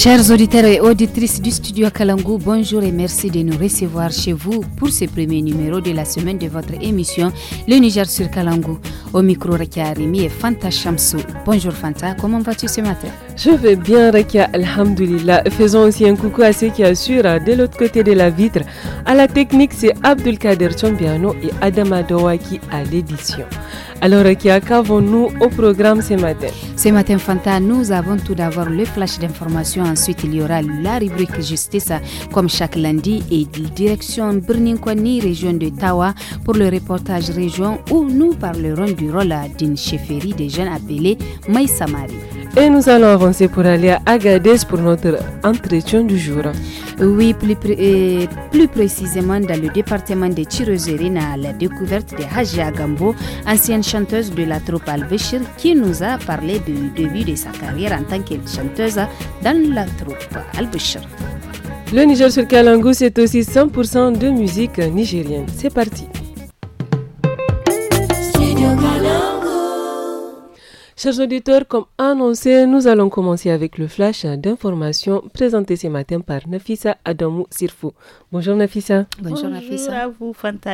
Chers auditeurs et auditrices du studio Kalangu, bonjour et merci de nous recevoir chez vous pour ce premier numéro de la semaine de votre émission Le Niger sur Kalangu. Au micro, Rekia Arimi et Fanta Shamsou. Bonjour Fanta, comment vas-tu ce matin Je vais bien Rekia, Alhamdulillah. Faisons aussi un coucou à ceux qui assurent de l'autre côté de la vitre. À la technique, c'est Abdulkader Chombiano et Adama Dowaki à l'édition. Alors, qui qu'avons-nous au programme ce matin Ce matin, Fanta, nous avons tout d'abord le flash d'information. Ensuite, il y aura la rubrique justice, comme chaque lundi, et direction Kwani, région de Tawa, pour le reportage région où nous parlerons du rôle d'une chefferie des jeunes appelée Maïsamari. Et nous allons avancer pour aller à Agadez pour notre entretien du jour. Oui, plus, précisément dans le département de Tirozerine à la découverte de Haji Gambo, ancienne chanteuse de la troupe al qui nous a parlé du début de sa carrière en tant que chanteuse dans la troupe al Le Niger sur Kalangu, c'est aussi 100% de musique nigérienne. C'est parti. Chers auditeurs, comme annoncé, nous allons commencer avec le flash d'information présenté ce matin par Nafissa Adamou Sirfou. Bonjour Nafissa. Bonjour, Bonjour à vous Fanta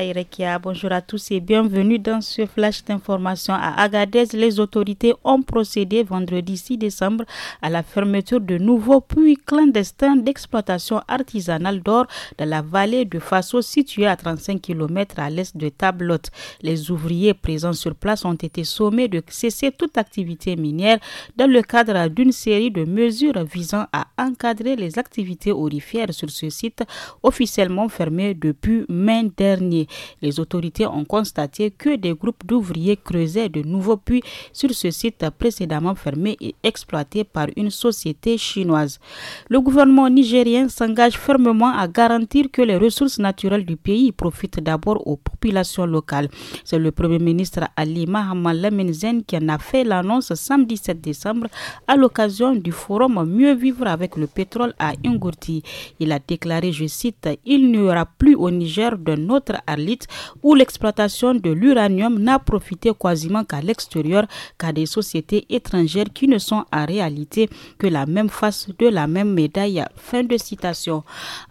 Bonjour à tous et bienvenue dans ce flash d'information à Agadez. Les autorités ont procédé vendredi 6 décembre à la fermeture de nouveaux puits clandestins d'exploitation artisanale d'or dans la vallée de Faso située à 35 km à l'est de Tablote. Les ouvriers présents sur place ont été sommés de cesser toute activité activités minières dans le cadre d'une série de mesures visant à encadrer les activités aurifères sur ce site officiellement fermé depuis mai dernier. Les autorités ont constaté que des groupes d'ouvriers creusaient de nouveaux puits sur ce site précédemment fermé et exploité par une société chinoise. Le gouvernement nigérien s'engage fermement à garantir que les ressources naturelles du pays profitent d'abord aux populations locales. C'est le Premier ministre Ali Mahamal Lemenzen qui en a fait la samedi 7 décembre à l'occasion du forum Mieux vivre avec le pétrole à Ingourdi. Il a déclaré, je cite, Il n'y aura plus au Niger d'un autre Arlite où l'exploitation de l'uranium n'a profité quasiment qu'à l'extérieur, qu'à des sociétés étrangères qui ne sont en réalité que la même face de la même médaille. Fin de citation.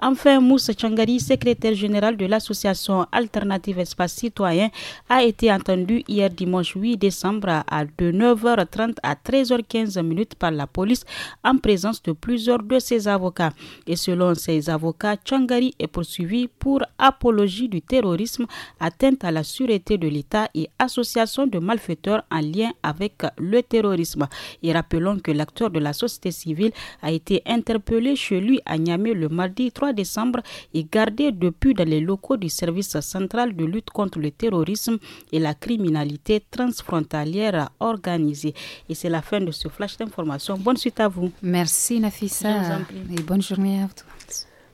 Enfin, Moussa Changari, secrétaire général de l'association Alternative Espace Citoyen, a été entendu hier dimanche 8 décembre à De h 30 à 13h15 par la police en présence de plusieurs de ses avocats. Et selon ses avocats, Changari est poursuivi pour apologie du terrorisme, atteinte à la sûreté de l'État et association de malfaiteurs en lien avec le terrorisme. Et rappelons que l'acteur de la société civile a été interpellé chez lui à Niamey le mardi 3 décembre et gardé depuis dans les locaux du service central de lutte contre le terrorisme et la criminalité transfrontalière organisée. Et c'est la fin de ce flash d'information. Bonne suite à vous. Merci Nafissa. Et bonne journée à vous.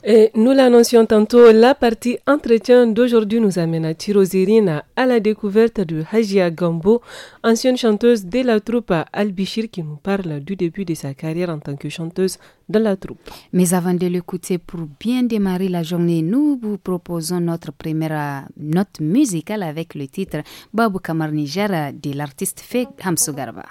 Et nous l'annoncions tantôt, la partie entretien d'aujourd'hui nous amène à Tirozirina à la découverte de Hajia Gambo, ancienne chanteuse de la troupe Al-Bishir qui nous parle du début de sa carrière en tant que chanteuse de la troupe. Mais avant de l'écouter, pour bien démarrer la journée, nous vous proposons notre première euh, note musicale avec le titre Babu Kamar Niger de l'artiste Fek Hamsou Garba.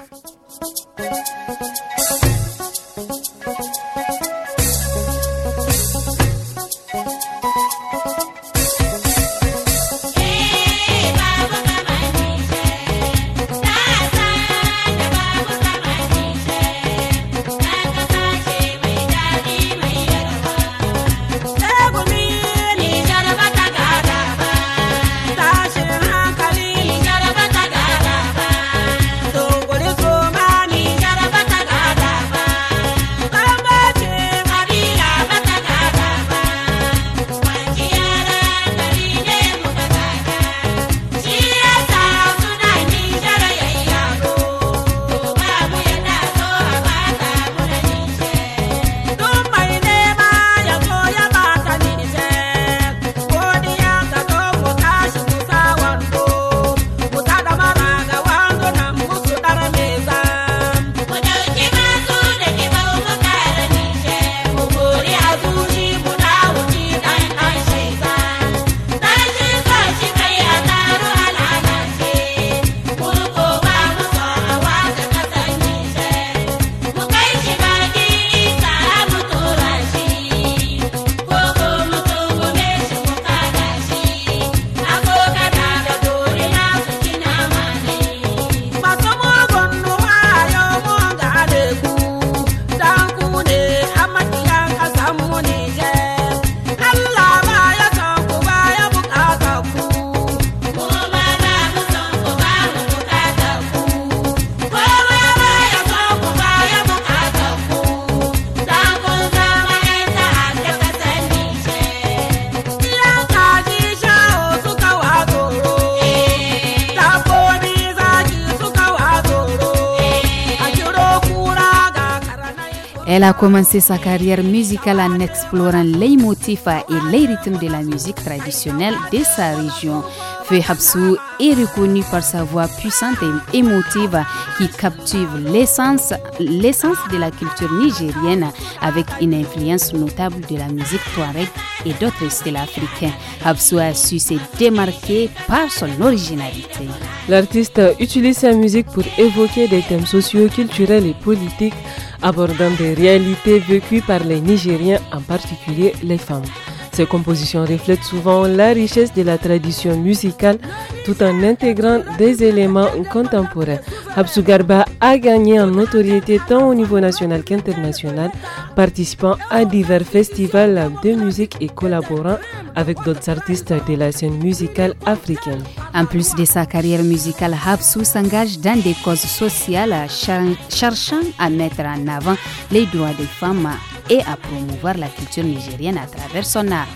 Elle a commencé sa carrière musicale en explorant les motifs et les rythmes de la musique traditionnelle de sa région. Fé est reconnue par sa voix puissante et émotive qui captive l'essence de la culture nigérienne avec une influence notable de la musique touareg et d'autres styles africains. Habsou a su se démarquer par son originalité. L'artiste utilise sa musique pour évoquer des thèmes sociaux, culturels et politiques abordant des réalités vécues par les Nigériens, en particulier les femmes. Ses compositions reflètent souvent la richesse de la tradition musicale tout en intégrant des éléments contemporains. Habsou Garba a gagné en notoriété tant au niveau national qu'international, participant à divers festivals de musique et collaborant avec d'autres artistes de la scène musicale africaine. En plus de sa carrière musicale, Habsou s'engage dans des causes sociales, cherchant à mettre en avant les droits des femmes et à promouvoir la culture nigérienne à travers son art.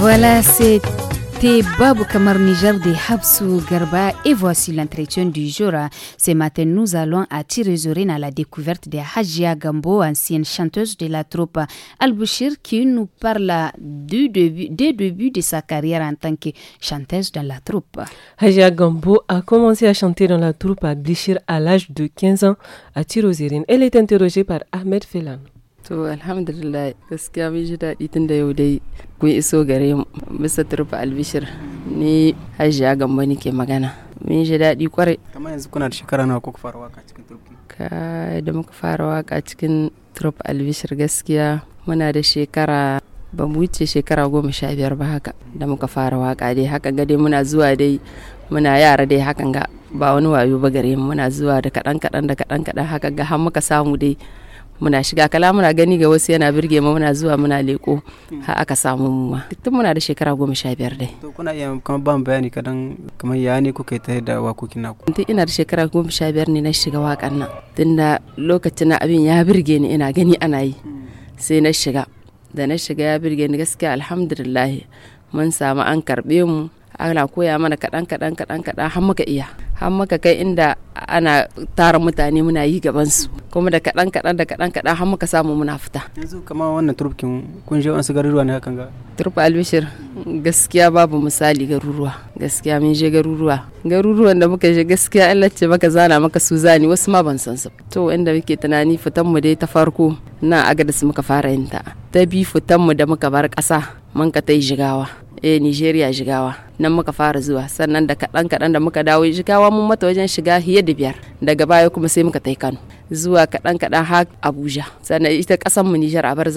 Voilà, c'était Babou Kamar Niger de Habsou Garba et voici l'entretien du jour. Ce matin, nous allons à Tiresorine à la découverte de Hajia Gambo, ancienne chanteuse de la troupe Al-Bouchir, qui nous parle du début, des débuts de sa carrière en tant que chanteuse dans la troupe. Hajia Gambo a commencé à chanter dans la troupe Al-Bouchir à l'âge de 15 ans à Tiresorine. Elle est interrogée par Ahmed Felan. To alhamdulillah gaskiya mun ji daɗi tun da yau dai kun iso gare mu bisa turba albishir ni hajiya gamba nake magana. Mun ji daɗi kwarai. Kama yanzu kuna da shekara nawa kuka fara waka cikin turba? Ka da muka fara waka cikin turba albishir gaskiya muna da shekara ba mu wuce shekara goma sha biyar ba haka da muka fara waka dai haka ga dai muna zuwa dai muna yara dai hakan ga ba wani wayo ba gare mu muna zuwa da kaɗan kaɗan da kaɗan kaɗan haka ga har muka samu dai muna shiga kala muna gani ga wasu yana birge mu muna zuwa muna leko ha aka samu mu ma tun muna da shekara goma sha biyar dai to kuna iya kamar ban bayani kadan kamar ya ne kuka ta da wakokin naku tun ina da shekara goma sha biyar ne na shiga wakan nan tun da lokacin na abin ya birge ni ina gani ana yi sai na shiga da na shiga ya birge ni gaskiya alhamdulillah mun samu an karbe mu ana koya mana kaɗan kaɗan kaɗan kaɗan har muka iya har muka kai inda ana tara mutane muna yi gaban su kuma da kaɗan kaɗan da kaɗan kaɗan har muka samu muna fita yanzu kama wannan turbin kun je wani garuruwa ne hakan ga turba albishir gaskiya babu misali garuruwa gaskiya mun je garuruwa garuruwan da muka je gaskiya an ce maka zana maka su zani wasu ma ban san su to inda muke tunani fitan mu dai ta farko na aga da su muka fara yin ta ta bi fitan mu da muka bar ƙasa mun ka yi jigawa eh nigeria jigawa nan muka fara zuwa sannan da kaɗan kaɗan da muka dawo jigawa mun mata wajen shiga hiye da biyar daga baya kuma sai muka tai kano zuwa kaɗan kaɗan har abuja sannan ita ƙasar mu nijar a bar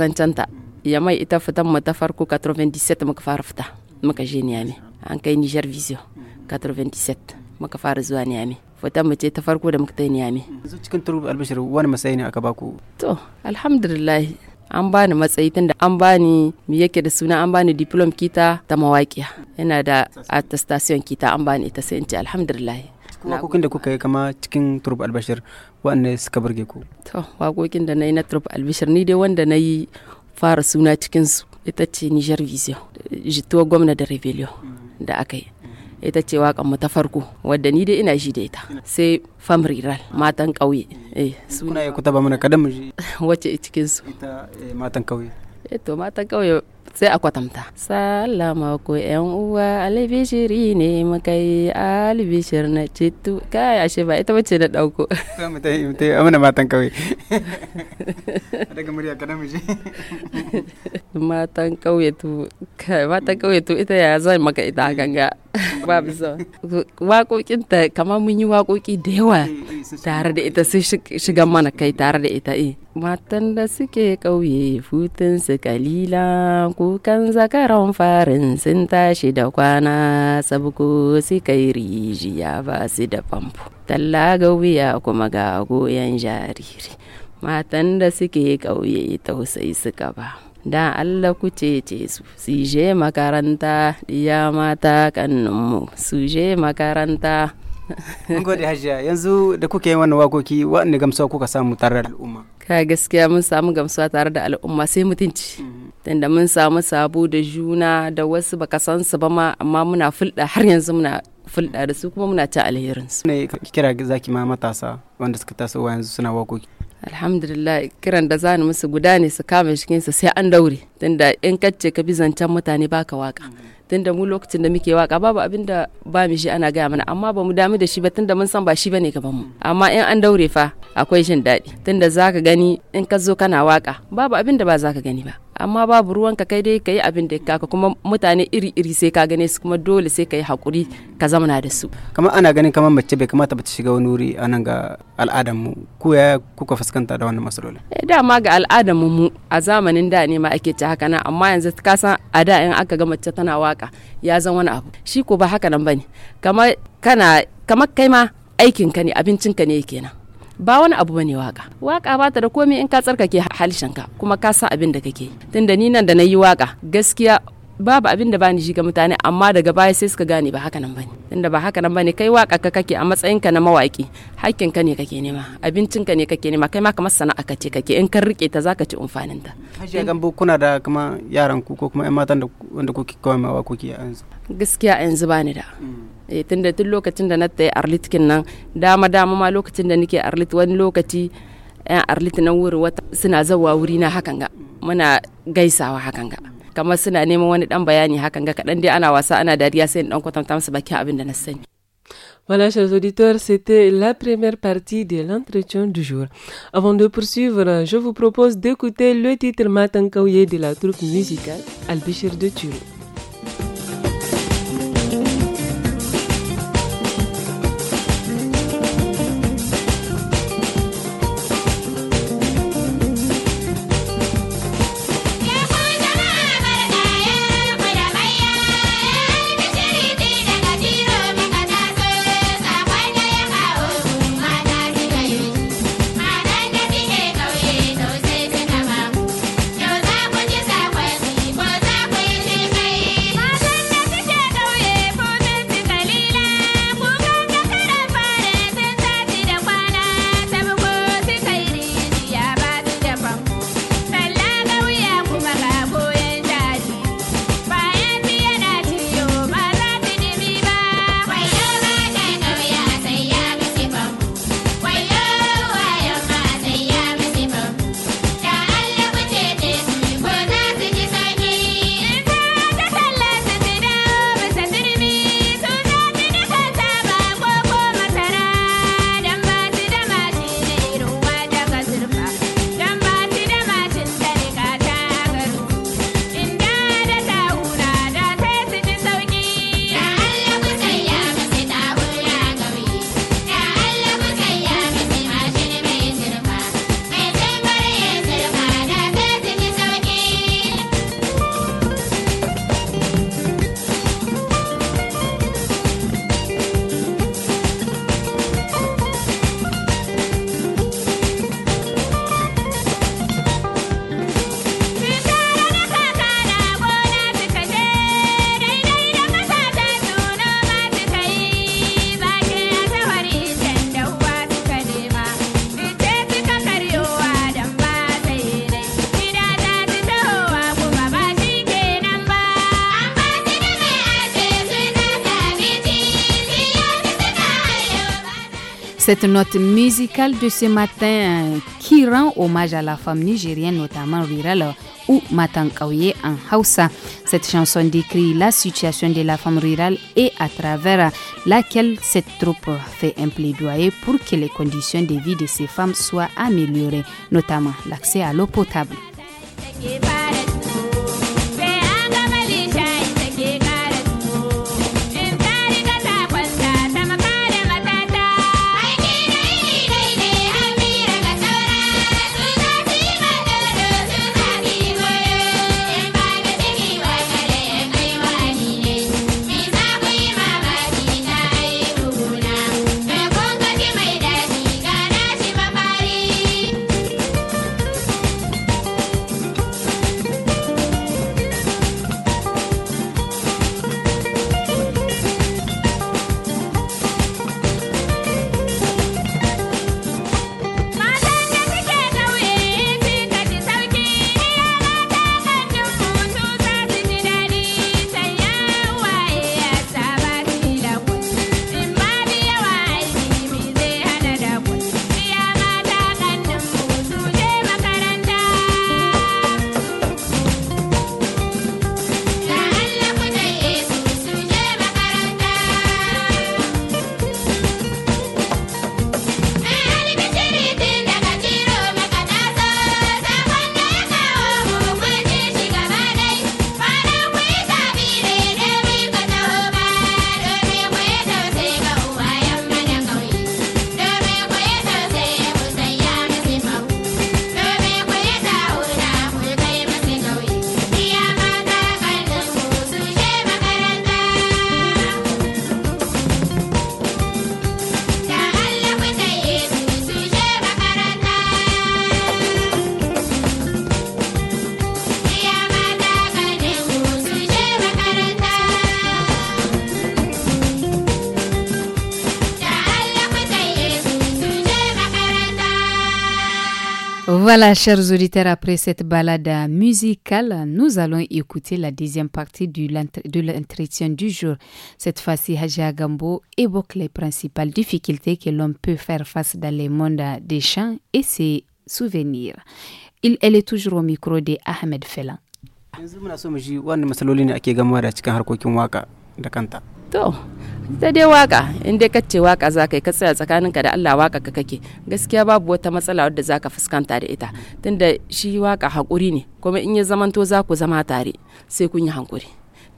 Ya mai ita fitan mu ta farko 97 muka fara fita muka je niyami an kai nijar vision 97 muka fara zuwa niyami fitan mu ce ta farko da muka tai niyami yanzu cikin turu albashir wani matsayi ne aka baku to alhamdulillah an bani matsayi da an bani mi yake da suna an bani diplom kita ta mawaƙiya yana da attestation kita an bani ita sai in alhamdulillah kuma kokin da kuka yi kama cikin turb albashir wanda suka burge ku to waƙoƙin da na yi na turb albashir ni dai wanda na yi fara suna cikin su ita ce niger vision jituwa gwamna da rebellion da aka yi ita ce waƙan mu ta farko wadda ni dai ina shi da ita sai fam riral matan ƙauye eh suna ya kuta ba mana kadan mu ji wacce cikin su ita eh, matan ƙauye eh to matan ƙauye sai a kwatanta salama ko yan uwa albishiri ne muka yi albishir na ceto kai ashe ba ita bace da dauko mu ta mu ta amana matan kawai daga murya kana mu matan kauye tu kai matan kauye tu ita ya zan maka ita ganga babu so waƙoƙin kamar mun yi waƙoƙi da yawa eh, eh, tare da ita sai shiga mana kai tare da ita eh Matan da suke ƙauye futunsu kalila, kukan zakaran farin sun tashi da kwana, sabko su kai rijiya ba su da famfo. Talla ga wuya kuma ga goyon jariri. Matan da suke ƙauye tausayi suka ba. Da Allah ku cece su, su je makaranta, ya mata kannunmu, su je makaranta. gode hajiya yanzu da kuke yin wannan wakoki waɗanne gamsuwa kuka samu tare da al'umma ka gaskiya mun samu gamsuwa tare da al'umma sai mutunci tunda mun samu sabo da juna da wasu baka san su ba ma amma muna fulɗa har yanzu muna fulɗa da su kuma muna ta alherin su me kira zaki ma matasa wanda suka taso yanzu suna wakoki alhamdulillah kiran da zani musu guda ne su kama cikin sai an daure tunda in kacce ka bi zancen mutane baka waka tunda mu lokacin da muke waka babu abin da ba mu shi ana gaya mana amma ba mu damu da shi ba tunda mun san ba shi bane gaban mu amma in an daure fa akwai jin daɗi tunda ka gani in ka zo kana waka babu abin da ba za ka gani ba amma babu ruwanka kai dai ka yi abin da ka kuma mutane iri-iri sai ka gane su kuma dole sai yi hakuri ka zamana da su kamar ana ganin kamar mace bai kamata ba ta shiga wani wuri a nan ga al'adar mu ku ya kuka fuskanta da wannan matsaloli da eh, dama ga al'adar mu a zamanin da ne ma ake ci haka nan amma yanzu ka san a da in aka ga mace tana waka ya zan wani abu shi ko ba haka nan ne kamar kana kamar kai ma aikinka ne abincinka ne kenan ba wani abu bane waka waka ba ta da komai in ka tsarkake halishanka kuma ka san abin da kake tunda ni nan da na yi waka gaskiya babu abin da bani ga mutane amma daga baya sai suka gane ba haka nan bane tunda ba haka nan bane kai waka ka kake a matsayin ka na mawaki hakkin ka ne kake nema abincin ka ne kake nema kai ma kamar sana'a ka ce kake in kan rike ta zaka ci umfanin ta hajiya gambo kuna da kuma yaran ku ko kuma yan matan da wanda kuke kawai ma wakoki a yanzu gaskiya yanzu bani da mm. Eh, tunda tun lokacin da na ta arlit kin nan dama dama ma lokacin da nake arlit wani lokaci yan eh, arlit na wurin wata suna zawa wuri na hakan ga muna gaisawa hakan ga kamar suna neman wani dan bayani hakan ga kadan dai ana wasa ana dariya sai in dan kwatanta musu bakin abin da na sani Voilà, chers auditeurs, c'était la première partie de l'entretien du jour. Avant de poursuivre, je vous propose d'écouter le titre Matankaouye de la troupe musicale Al-Bishir de Turin. Cette note musicale de ce matin euh, qui rend hommage à la femme nigérienne, notamment rurale ou Matankawye en Hausa. Cette chanson décrit la situation de la femme rurale et à travers laquelle cette troupe fait un plaidoyer pour que les conditions de vie de ces femmes soient améliorées, notamment l'accès à l'eau potable. Voilà, chers auditeurs, après cette balade musicale, nous allons écouter la deuxième partie de l'entretien du jour. Cette fois-ci, Haja Gambo évoque les principales difficultés que l'on peut faire face dans les mondes des champs et ses souvenirs. Il, elle est toujours au micro de Ahmed da dai waka in dai kace waka za ka yi ka tsakanin ka da Allah waka ka kake gaskiya babu wata matsala wadda za ka fuskanta da ita tunda shi waka hakuri ne kuma in ya zamanto za ku zama tare sai kun yi hakuri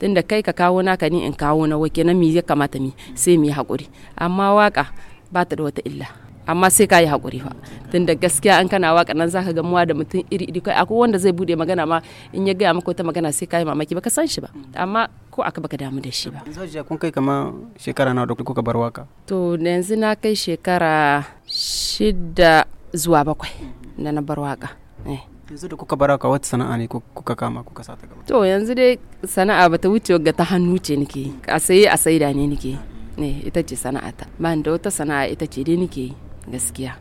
tunda kai ka kawo naka ni in kawo na wake na mi ya kamata mi sai mi hakuri amma waka ba ta da wata illa amma sai ka yi hakuri fa tunda gaskiya an kana waka nan zaka muwa da mutum iri iri kai akwai wanda zai bude magana ma in ya gaya maka wata magana sai ka yi mamaki ka san shi ba amma ko aka baka damu da shi ba yanzu kun kai kama shekara nawa da kuka bar waka to yanzu na kai shekara shida zuwa bakwai da na bar waka eh. yanzu da kuka bar waka wata sana'a ne kuka kama kuka sa ta gaba to yanzu dai sana'a bata wuce ga ta hannu ce nake a saye a da ne nake ne eh, ita ce sana'a ta. ba da wata sana'a ita ce dai nake gaskiya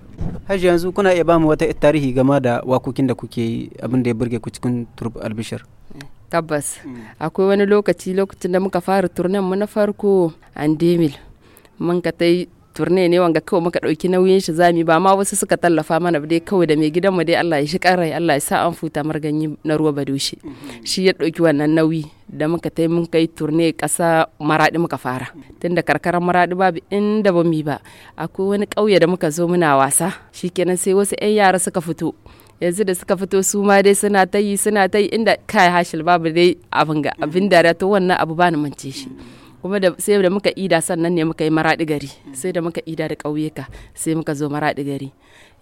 Hajji yanzu kuna iya ba mu wata tarihi game da wakokin da kuke yi abin da ya burge ku cikin turb albishir tabbas mm. akwai wani lokaci lokacin da muka fara turnen mu na farko an demil mun ka ta turne ne wanga kawai muka ɗauki nauyin shi zami ba ma wasu suka tallafa mana dai kawai da mai gidanmu dai Allah ya shi karai Allah ya sa an futa marganyi na ruwa badoshi mm-hmm. shi ya ɗauki wannan nauyi da muka tai mun kai turne kasa maraɗi muka fara mm. tunda karkarar maraɗi babu inda ba mi ba akwai wani kauye da muka zo muna wasa shikenan sai wasu 'yan yara suka fito yanzu da suka fito su ma dai suna ta yi suna ta yi inda kai hashil babu dai abin ga abin da rato wannan abu ba ni mance shi kuma da sai da muka ida sannan ne muka yi maraɗi gari sai da muka ida da ƙauyuka sai muka zo maraɗi gari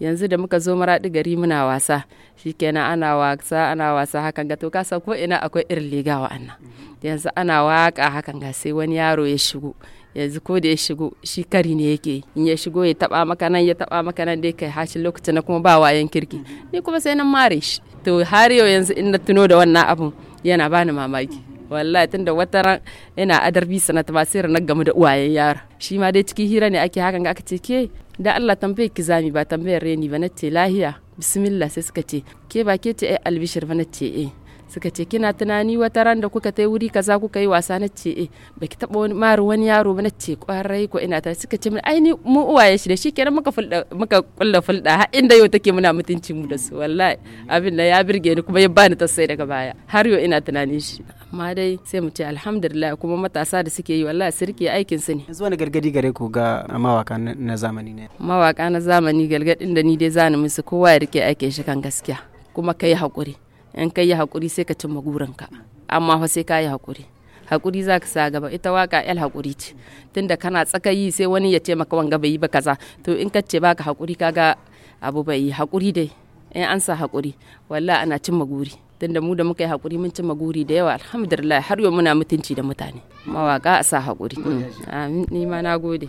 yanzu da muka zo maraɗi gari muna wasa shikenan ana wasa ana wasa hakan ga to ka san ko ina akwai irin liga annan yanzu ana waka hakan ga sai wani yaro ya shigo yanzu ko da ya shigo shi kari ne yake in ya shigo ya taba maka nan ya taba maka nan dai kai hashi lokaci na kuma ba wayan kirki ni kuma sai nan mare shi to har yau yanzu in na tuno da wannan abun yana bani mamaki wallahi tunda wata ran ina adar bi sana ta basira na gamu da uwayen yara shi ma dai cikin hira ne ake hakan aka ce ke da Allah tambaye ki zami ba tambayar reni ba na ce lahiya bismillah sai suka ce ke ba ke ce ai albishir ba na ce eh suka ce kina tunani wata ran da kuka tai wuri kaza kuka yi wasa na ce eh ki taba wani mara wani yaro ba na ce kwarai ko ina ta suka ce min ai ni mu uwaye shi da shikenan muka fulda muka kulla fulda har inda yau take muna mutunci mu da su wallahi abin da ya birge ni kuma ya bani sai daga baya har yau ina tunanin shi amma dai sai mu ce alhamdulillah kuma matasa da suke yi wallahi sirki aikin su ne yanzu wani gargadi gare ku ga mawaka na zamani ne mawaka na zamani galgadin da ni dai zani musu kowa ya rike aikin shi kan gaskiya kuma kai hakuri in kai yi haƙuri sai ka cimma gurinka amma fa sai ka yi haƙuri haƙuri za ka sa gaba ita waka el haƙuri ce tunda kana tsakayi sai wani ya ce maka wanga bai yi ba kaza to in ka ce baka hakuri ga abu bai yi hakuri dai in an sa haƙuri wallahi ana cimma guri tunda mu da muka yi haƙuri mun cimma guri da yawa alhamdulillah har yau muna mutunci da mutane mawaka a sa haƙuri mm. amin ni ma na gode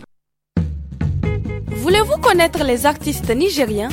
Voulez-vous connaître les artistes nigériens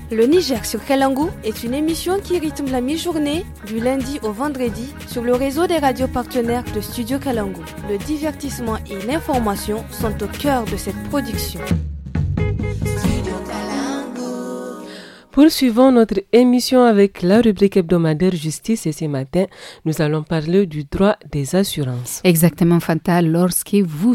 Le Niger sur Kalangu est une émission qui rythme la mi-journée du lundi au vendredi sur le réseau des radios partenaires de Studio Kalangu. Le divertissement et l'information sont au cœur de cette production. Poursuivons notre émission avec la rubrique hebdomadaire justice et ce matin, nous allons parler du droit des assurances. Exactement, Fanta, lorsque vous,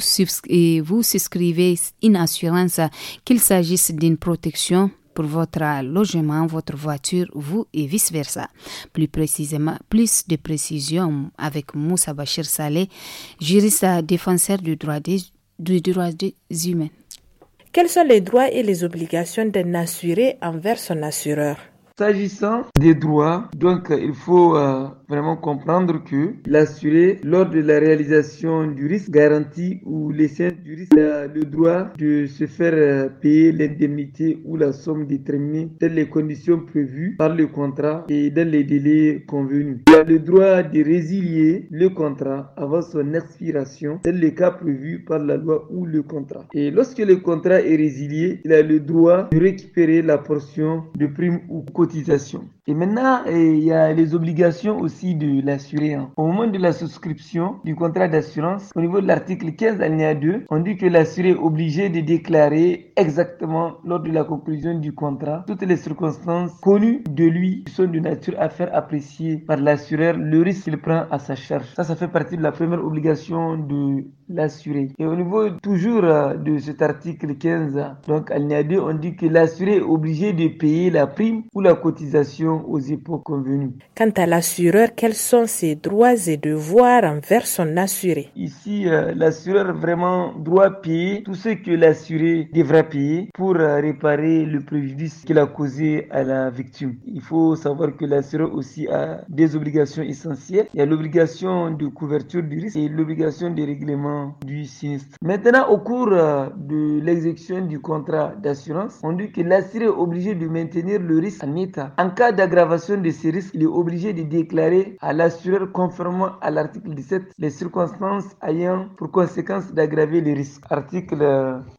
vous souscrivez une assurance, qu'il s'agisse d'une protection pour votre logement, votre voiture, vous et vice-versa. Plus précisément, plus de précisions avec Moussa Bachir Saleh, juriste défenseur du droit des, du droit des humains. Quels sont les droits et les obligations d'un assuré envers son assureur S'agissant des droits, donc il faut euh, vraiment comprendre que l'assuré, lors de la réalisation du risque garanti ou l'essai du risque, a le droit de se faire euh, payer l'indemnité ou la somme déterminée telles les conditions prévues par le contrat et dans les délais convenus. Il a le droit de résilier le contrat avant son expiration tel les cas prévus par la loi ou le contrat. Et lorsque le contrat est résilié, il a le droit de récupérer la portion de prime ou cotisation cotisation. Et maintenant, il y a les obligations aussi de l'assuré. Hein. Au moment de la souscription du contrat d'assurance, au niveau de l'article 15 alinéa 2, on dit que l'assuré est obligé de déclarer exactement lors de la conclusion du contrat toutes les circonstances connues de lui qui sont de nature à faire apprécier par l'assureur le risque qu'il prend à sa charge. Ça, ça fait partie de la première obligation de l'assuré. Et au niveau toujours euh, de cet article 15, donc alinéa 2, on dit que l'assuré est obligé de payer la prime ou la cotisation aux époques convenues. Quant à l'assureur, quels sont ses droits et devoirs envers son assuré Ici, euh, l'assureur vraiment doit payer tout ce que l'assuré devra payer pour euh, réparer le préjudice qu'il a causé à la victime. Il faut savoir que l'assureur aussi a des obligations essentielles. Il y a l'obligation de couverture du risque et l'obligation de règlement du sinistre. Maintenant, au cours euh, de l'exécution du contrat d'assurance, on dit que l'assuré est obligé de maintenir le risque en état. En cas d l'aggravation de ces risques, il est obligé de déclarer à l'assureur conformément à l'article 17 les circonstances ayant pour conséquence d'aggraver les risques. Article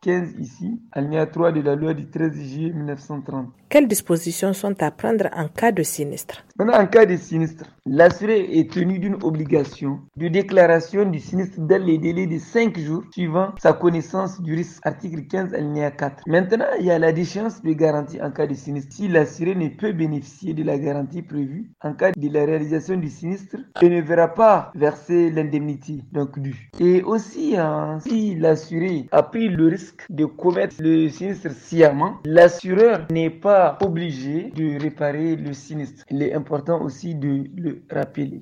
15 ici, alinéa 3 de la loi du 13 juillet 1930. Quelles dispositions sont à prendre en cas de sinistre Maintenant, en cas de sinistre, l'assuré est tenu d'une obligation de déclaration du sinistre dans les délais de 5 jours suivant sa connaissance du risque. Article 15, alinéa 4. Maintenant, il y a la déchéance de garantie en cas de sinistre. Si l'assuré ne peut bénéficier de la garantie prévue en cas de la réalisation du sinistre, il ne verra pas verser l'indemnité donc due. Et aussi, hein, si l'assuré a pris le risque de commettre le sinistre sciemment, l'assureur n'est pas obligé de réparer le sinistre. Il est important aussi de le rappeler.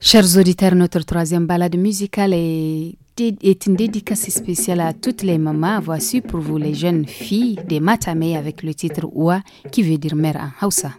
Chers auditeurs, notre troisième balade musicale est, est une dédicace spéciale à toutes les mamans. Voici pour vous les jeunes filles des Matamé avec le titre Oua qui veut dire mère en Hausa.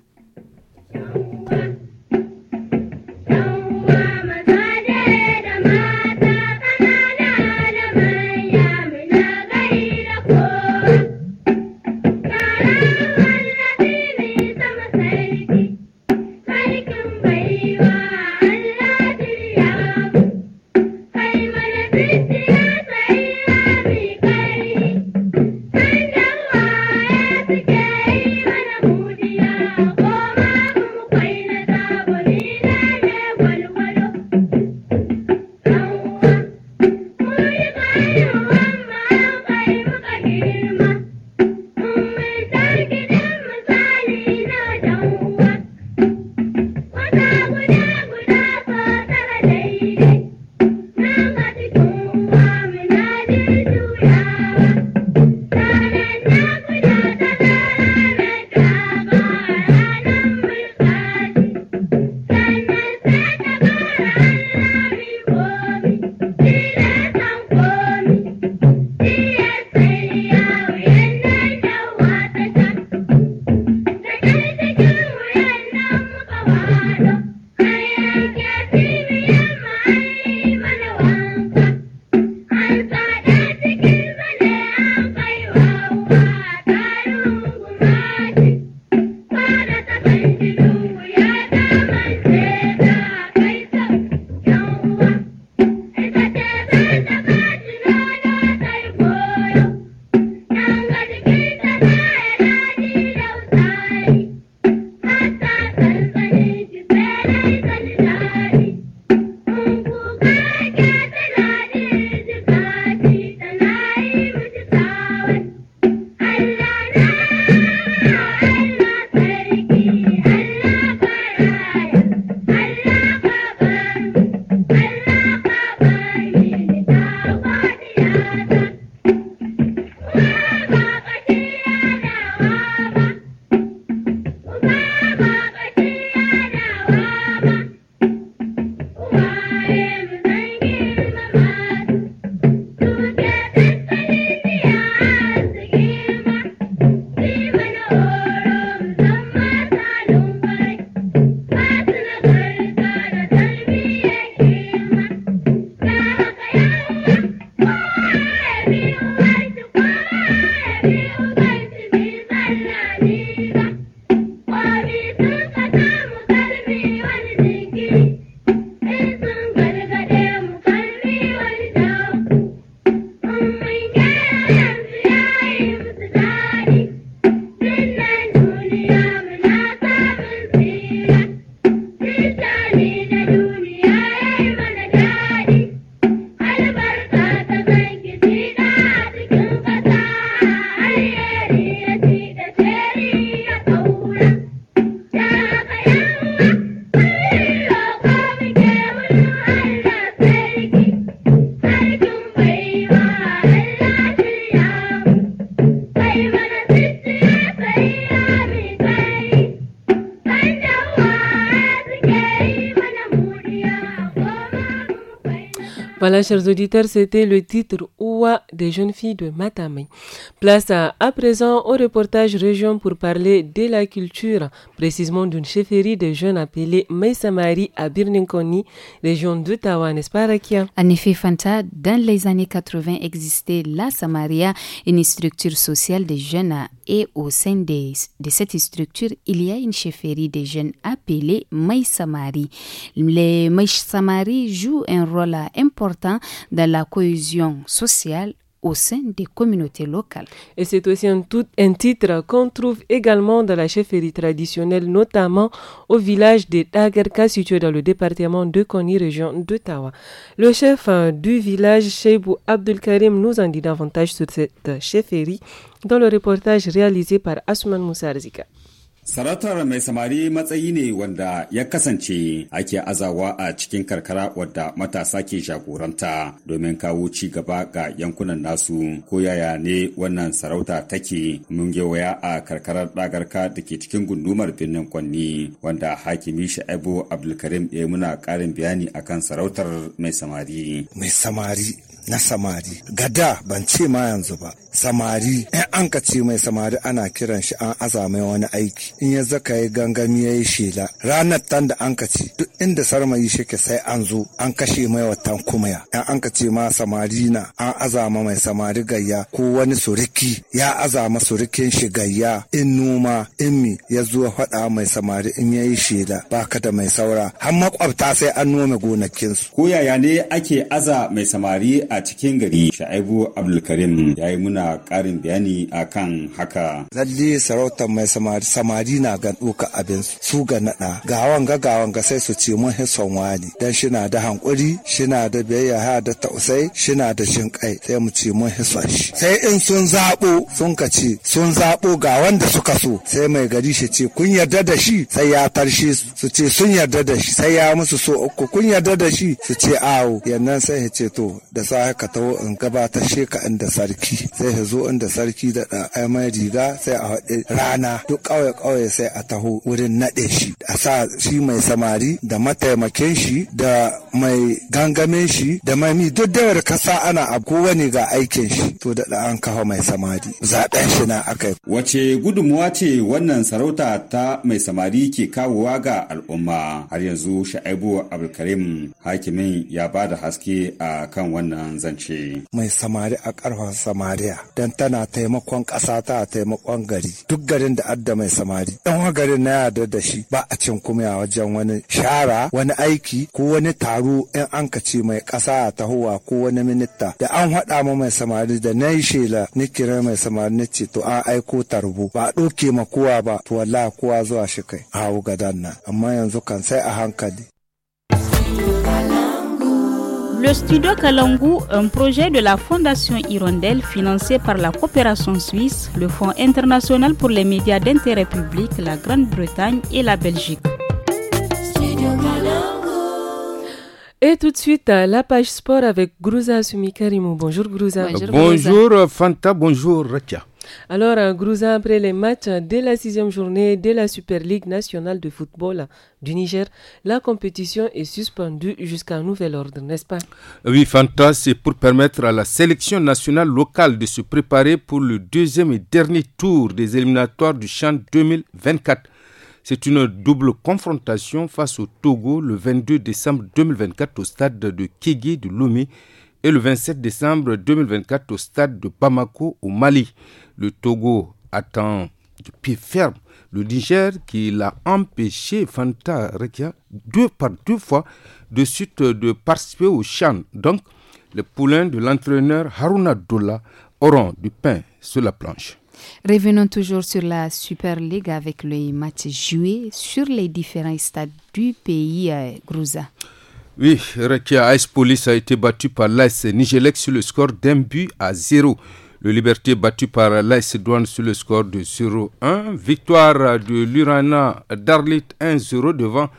Voilà, chers auditeurs, c'était le titre Oua des jeunes filles de Matamé. Place à, à présent au reportage région pour parler de la culture, précisément d'une chefferie de jeunes appelée Samari à Birninkoni, région d'Ottawa, n'est-ce pas, Rakia En effet, Fanta, dans les années 80 existait la Samaria, une structure sociale des jeunes, et au sein de cette structure, il y a une chefferie des jeunes appelée Samari. Les Samari jouent un rôle important dans la cohésion sociale au sein des communautés locales. Et c'est aussi un, tout, un titre qu'on trouve également dans la chefferie traditionnelle, notamment au village de Tagarka situé dans le département de Kony, région d'Ottawa. Le chef euh, du village, Cheibou Abdelkarim, nous en dit davantage sur cette chefferie dans le reportage réalisé par Asman Moussarzika. Sarautar mai samari matsayi ne wanda ya kasance ake azawa a cikin karkara wadda matasa ke jagoranta domin kawo ci gaba ga yankunan nasu ko yaya ne wannan sarauta take mun waya a karkarar dagarka da ke cikin gundumar birnin kwanni wanda hakimi sha'ibu abdulkarim ya muna karin bayani akan sarautar mai samari. Mai samari na samari gada ban ce ma yanzu ba samari in an ka ce mai samari ana kiran shi an aza wani aiki in ya zaka yi gangami ya yi shela ranar tan da an ka ce duk inda sarmayi shike sai an zo an kashe mai watan kumaya in an ka ce ma samari na an azama mai samari gayya ko wani suriki ya azama surikin shi gayya in noma in mi ya zo faɗa mai samari in ya yi shela baka da mai saura har makwabta sai an nome gonakinsu. ko yaya ne ake aza mai samari a cikin gari Sha'ibu Abdulkarim ya yi muna karin bayani a kan haka. Lalle sarautar mai samari na ga ɗoka abin su ga naɗa ga wanga ga sai su ce mun hisson wani dan shina da hankuri shina da biyayya ha da tausai shina da shin kai sai mu ce mun hisson shi. Sai in sun zaɓo sun ka ce sun zaɓo ga wanda suka so sai mai gari shi ce kun yarda da shi sai ya tarshe su ce sun yarda da shi sai ya musu so uku kun yarda da shi su ce awo yannan sai ya ce to da sa ka taho in gabatar sheka inda sarki sai ya zo inda sarki da ɗan mai riga sai a haɗe rana duk ƙauye ƙauye sai a taho wurin naɗe shi a sa shi mai samari da mataimakin shi da mai gangamin shi da mai mi duk dawar kasa ana a kowane ga aikin shi to da an kafa mai samari zaɓen shi na akai. wace gudunmuwa ce wannan sarauta ta mai samari ke kawowa ga al'umma har yanzu sha'ibu abdulkarim hakimin ya ba da haske a kan wannan zance. Mai samari a ƙarfin samariya don tana taimakon ƙasa ta taimakon gari duk garin da adda mai samari. Ɗan garin na yarda da shi ba a cin kuma wajen wani shara wani aiki ko wani taro in an ka ce mai ƙasa a tahowa ko wani minista da an haɗa ma mai samari da na yi shela ni kira mai samari na ce to an aiko tarbo ba a ɗauke ma kowa ba to wallahi kowa zuwa shi kai a hau gadan nan amma yanzu kan sai a hankali Le studio Kalangu, un projet de la Fondation Hirondelle financé par la coopération suisse, le Fonds international pour les médias d'intérêt public, la Grande-Bretagne et la Belgique. Et tout de suite, à euh, la page sport avec Grouza Sumikarimo. Bonjour Grouza. Bonjour, bonjour Fanta, bonjour Ratia. Alors, euh, Grouza, après les matchs dès la sixième journée de la Super Ligue nationale de football du Niger, la compétition est suspendue jusqu'à nouvel ordre, n'est-ce pas Oui, fantastique c'est pour permettre à la sélection nationale locale de se préparer pour le deuxième et dernier tour des éliminatoires du champ 2024. C'est une double confrontation face au Togo le 22 décembre 2024 au stade de Kégué de Lomé et le 27 décembre 2024 au stade de Bamako au Mali. Le Togo attend de pied ferme le Niger qui l'a empêché, Fanta Rekia, deux par deux fois de suite de participer au Chan. Donc, les poulains de l'entraîneur Haruna Dola auront du pain sur la planche. Revenons toujours sur la Super League avec les matchs joués sur les différents stades du pays euh, Grouza. Oui, Rekia Ice Police a été battu par l'AS Nigelec sur le score d'un but à 0. Le Liberté battu par l'AS Douane sur le score de 0-1. Victoire de l'Urana d'Arlit 1-0 devant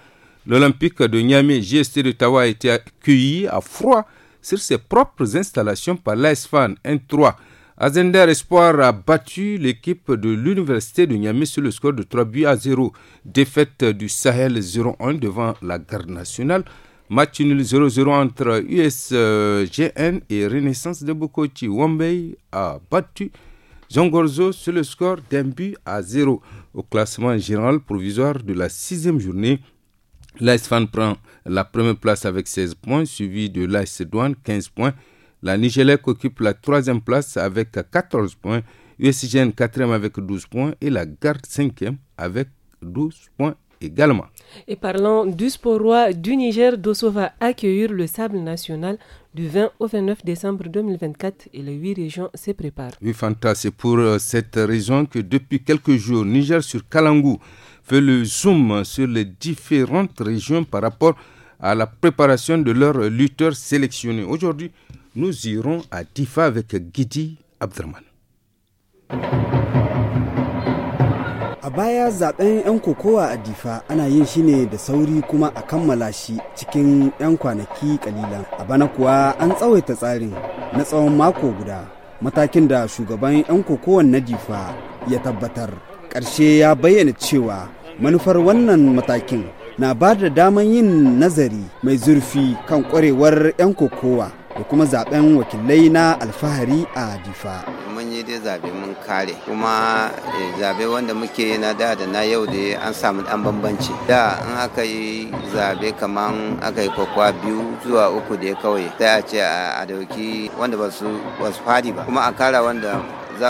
l'Olympique de Niamey. GST de Tawa a été accueilli à froid sur ses propres installations par l'AS Fan 1-3. Azender Espoir a battu l'équipe de l'Université de Niamey sur le score de 3 buts à 0. Défaite du Sahel 0-1 devant la garde nationale. Match nul 0-0 entre USGN et Renaissance de Bokochi. Wombei a battu Zongorzo sur le score d'un but à zéro. Au classement général provisoire de la sixième journée, Fan prend la première place avec 16 points, suivi de l'AS Douane 15 points. La Nigelec occupe la troisième place avec 14 points, USGN quatrième avec 12 points et la Garde cinquième avec 12 points également. Et parlant du sport roi du Niger, Dosso va accueillir le sable national du 20 au 29 décembre 2024 et les huit régions se préparent. Oui, Fanta, c'est pour euh, cette raison que depuis quelques jours, Niger sur Kalangou fait le zoom sur les différentes régions par rapport à la préparation de leurs lutteurs sélectionnés. Aujourd'hui, nous irons à Tifa avec Guidi Abdraman. baya zaben 'yan kokowa a difa ana yin shi ne da sauri kuma a kammala shi cikin 'yan kwanaki kalilan a bana kuwa an tsawaita tsarin na tsawon mako guda matakin da shugaban 'yan kokowan na difa ya tabbatar ƙarshe ya bayyana cewa manufar wannan matakin na ba da daman yin nazari mai zurfi kan kwarewar 'yan kokowa da kuma zaben wakilai na alfahari a difa mun yi dai zabe mun kare kuma eh, zabe wanda muke na da da na yau da an samu dan bambanci da in aka yi zabe kaman aka yi kwakwa biyu zuwa uku da ya kawai sai a ce a dauki wanda ba su fadi ba kuma a kara wanda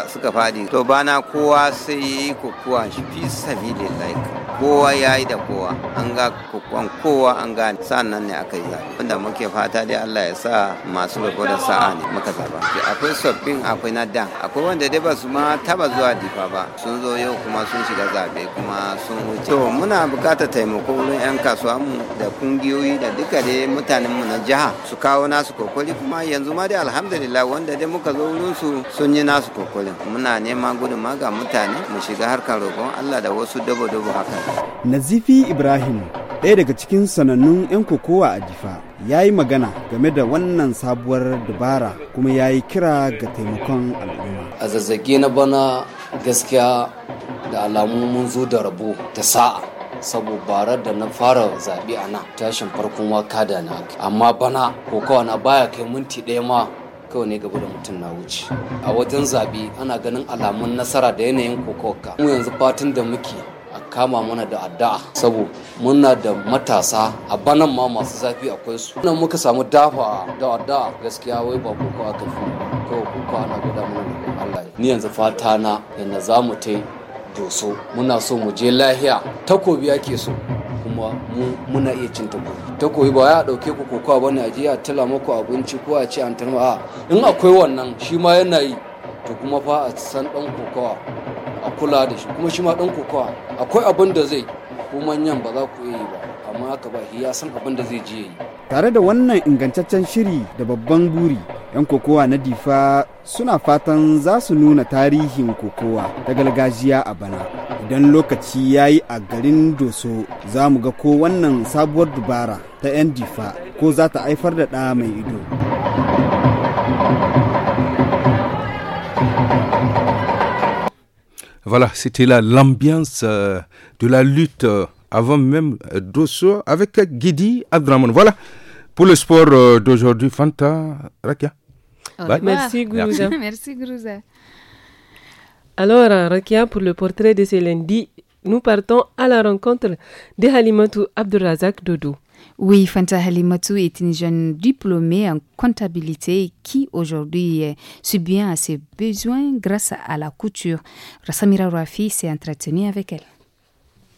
suka fadi to bana kowa sai ya yi kokowa shi fi sabilillahi kowa ya yi da kowa an ga kokowan kowa an ga sa'an nan ne aka yi zaɓe wanda muke fata dai Allah ya sa masu rabo da sa'a ne muka zaba akwai sabbin akwai na dan. akwai wanda dai ba su ma taba zuwa difa ba sun zo yau kuma sun shiga zaɓe kuma sun wuce to muna buƙatar taimako wurin 'yan kasuwa mu da kungiyoyi da duka dai mutanen mu na jiha su kawo nasu kokoli. kuma yanzu ma dai alhamdulillah wanda dai muka zo wurin su sun yi nasu kokoli. kolin muna neman gudun ga mutane mu shiga harkar roƙon Allah da wasu dabo-dabo haka. Nazifi Ibrahim ɗaya daga cikin sanannun 'yan kokowa a jifa ya yi magana game da wannan sabuwar dabara kuma ya yi kira ga taimakon al'umma. A zazzage na bana gaskiya da alamu mun zo da rabo ta sa'a. saboda barar da na fara zaɓe a nan tashin farkon waka da na amma bana kokawa na baya kai minti ɗaya ma kawai ne gaba da mutum na wuce a wajen zaɓe ana ganin alamun nasara da yanayin kokoka mu yanzu fatan da muke a kama mana da addu'a sabo muna da matasa a banan ma masu zafi akwai su nan muka samu dafa da addu'a gaskiya wai ba koko aka fi kawai koko ana gada mana Allah ni yanzu fata na yanda za mu doso muna so mu je lahiya takobi ya ke so kuma muna iya cin takobi takobi ba ya dauke ku kokowa bane a je a tala muku abinci ko a ce an tarma a in akwai wannan shi ma yana yi to kuma fa a san dan kokowa a kula da shi kuma shi ma dan kokowa akwai abin da zai ko manyan ba za ku iya yi ba amma haka ba ya san abin da zai je yi Tare da wannan ingantaccen shiri da babban buri, 'yan kokowa na difa suna fatan za su nuna tarihin kokowa ta gargajiya a bana. Idan lokaci ya yi a garin Doso za mu ga ko wannan sabuwar dubara ta 'yan difa ko za ta haifar da ɗa mai ido. Voilà, c'était l'ambiance la, euh, de la lutte euh, avant même euh, Dosso avec Guidi Abdraman. Voilà pour le sport euh, d'aujourd'hui. Fanta Rakia. Merci Gourouza. Merci Alors Rakia, pour le portrait de ce lundi, nous partons à la rencontre de Halimatu Abdurazak Dodo. Oui, Fanta Halimatu est une jeune diplômée en comptabilité qui aujourd'hui euh, subvient à ses besoins grâce à la couture. Rassamira Rafi s'est entretenue avec elle.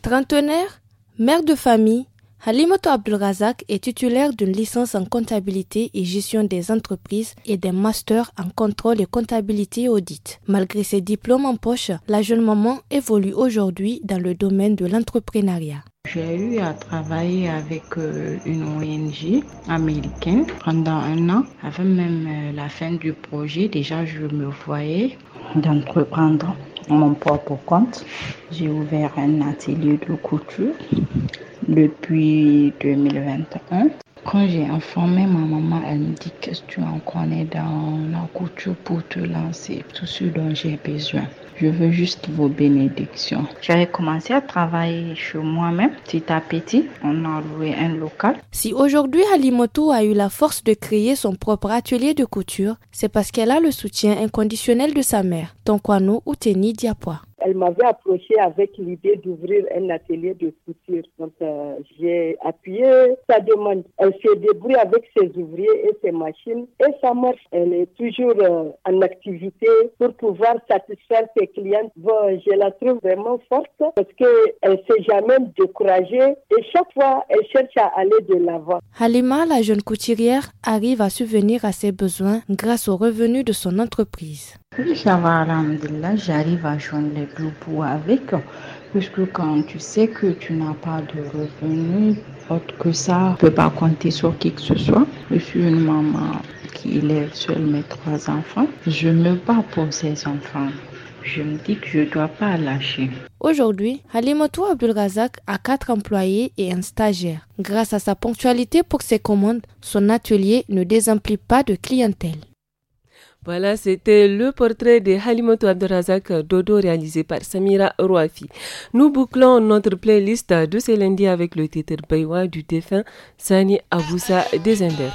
Trentenaire Mère de famille, Halimoto Abdelrazak est titulaire d'une licence en comptabilité et gestion des entreprises et d'un master en contrôle et comptabilité audit. Malgré ses diplômes en poche, la jeune maman évolue aujourd'hui dans le domaine de l'entrepreneuriat. J'ai eu à travailler avec euh, une ONG américaine pendant un an. Avant même euh, la fin du projet, déjà je me voyais d'entreprendre mon propre compte. J'ai ouvert un atelier de couture depuis 2021. Quand j'ai informé ma maman, elle me dit ce que tu en connais dans la couture pour te lancer, tout ce dont j'ai besoin. Je veux juste vos bénédictions. J'avais commencé à travailler chez moi-même, petit à petit. On a loué un local. Si aujourd'hui Halimoto a eu la force de créer son propre atelier de couture, c'est parce qu'elle a le soutien inconditionnel de sa mère, Tonkwano Uteni Diapwa. Elle m'avait approché avec l'idée d'ouvrir un atelier de couture. Donc, euh, j'ai appuyé sa demande. Elle se débrouille avec ses ouvriers et ses machines et ça marche. Elle est toujours euh, en activité pour pouvoir satisfaire ses clients. je la trouve vraiment forte parce qu'elle ne s'est jamais découragée et chaque fois, elle cherche à aller de l'avant. Halima, la jeune couturière, arrive à subvenir à ses besoins grâce aux revenus de son entreprise ça va, Alhamdulillah, j'arrive à joindre les deux bouts avec, puisque quand tu sais que tu n'as pas de revenus, autre que ça, tu ne peux pas compter sur qui que ce soit. Je suis une maman qui élève seule mes trois enfants. Je me bats pour ces enfants. Je me dis que je ne dois pas lâcher. Aujourd'hui, Halimoto Abdulrazak a quatre employés et un stagiaire. Grâce à sa ponctualité pour ses commandes, son atelier ne désemplit pas de clientèle. Voilà, c'était le portrait de Halimoto Abdurazak Dodo réalisé par Samira Rouafi. Nous bouclons notre playlist de ce lundi avec le titre Baywa du défunt Sani Aboussa Desender.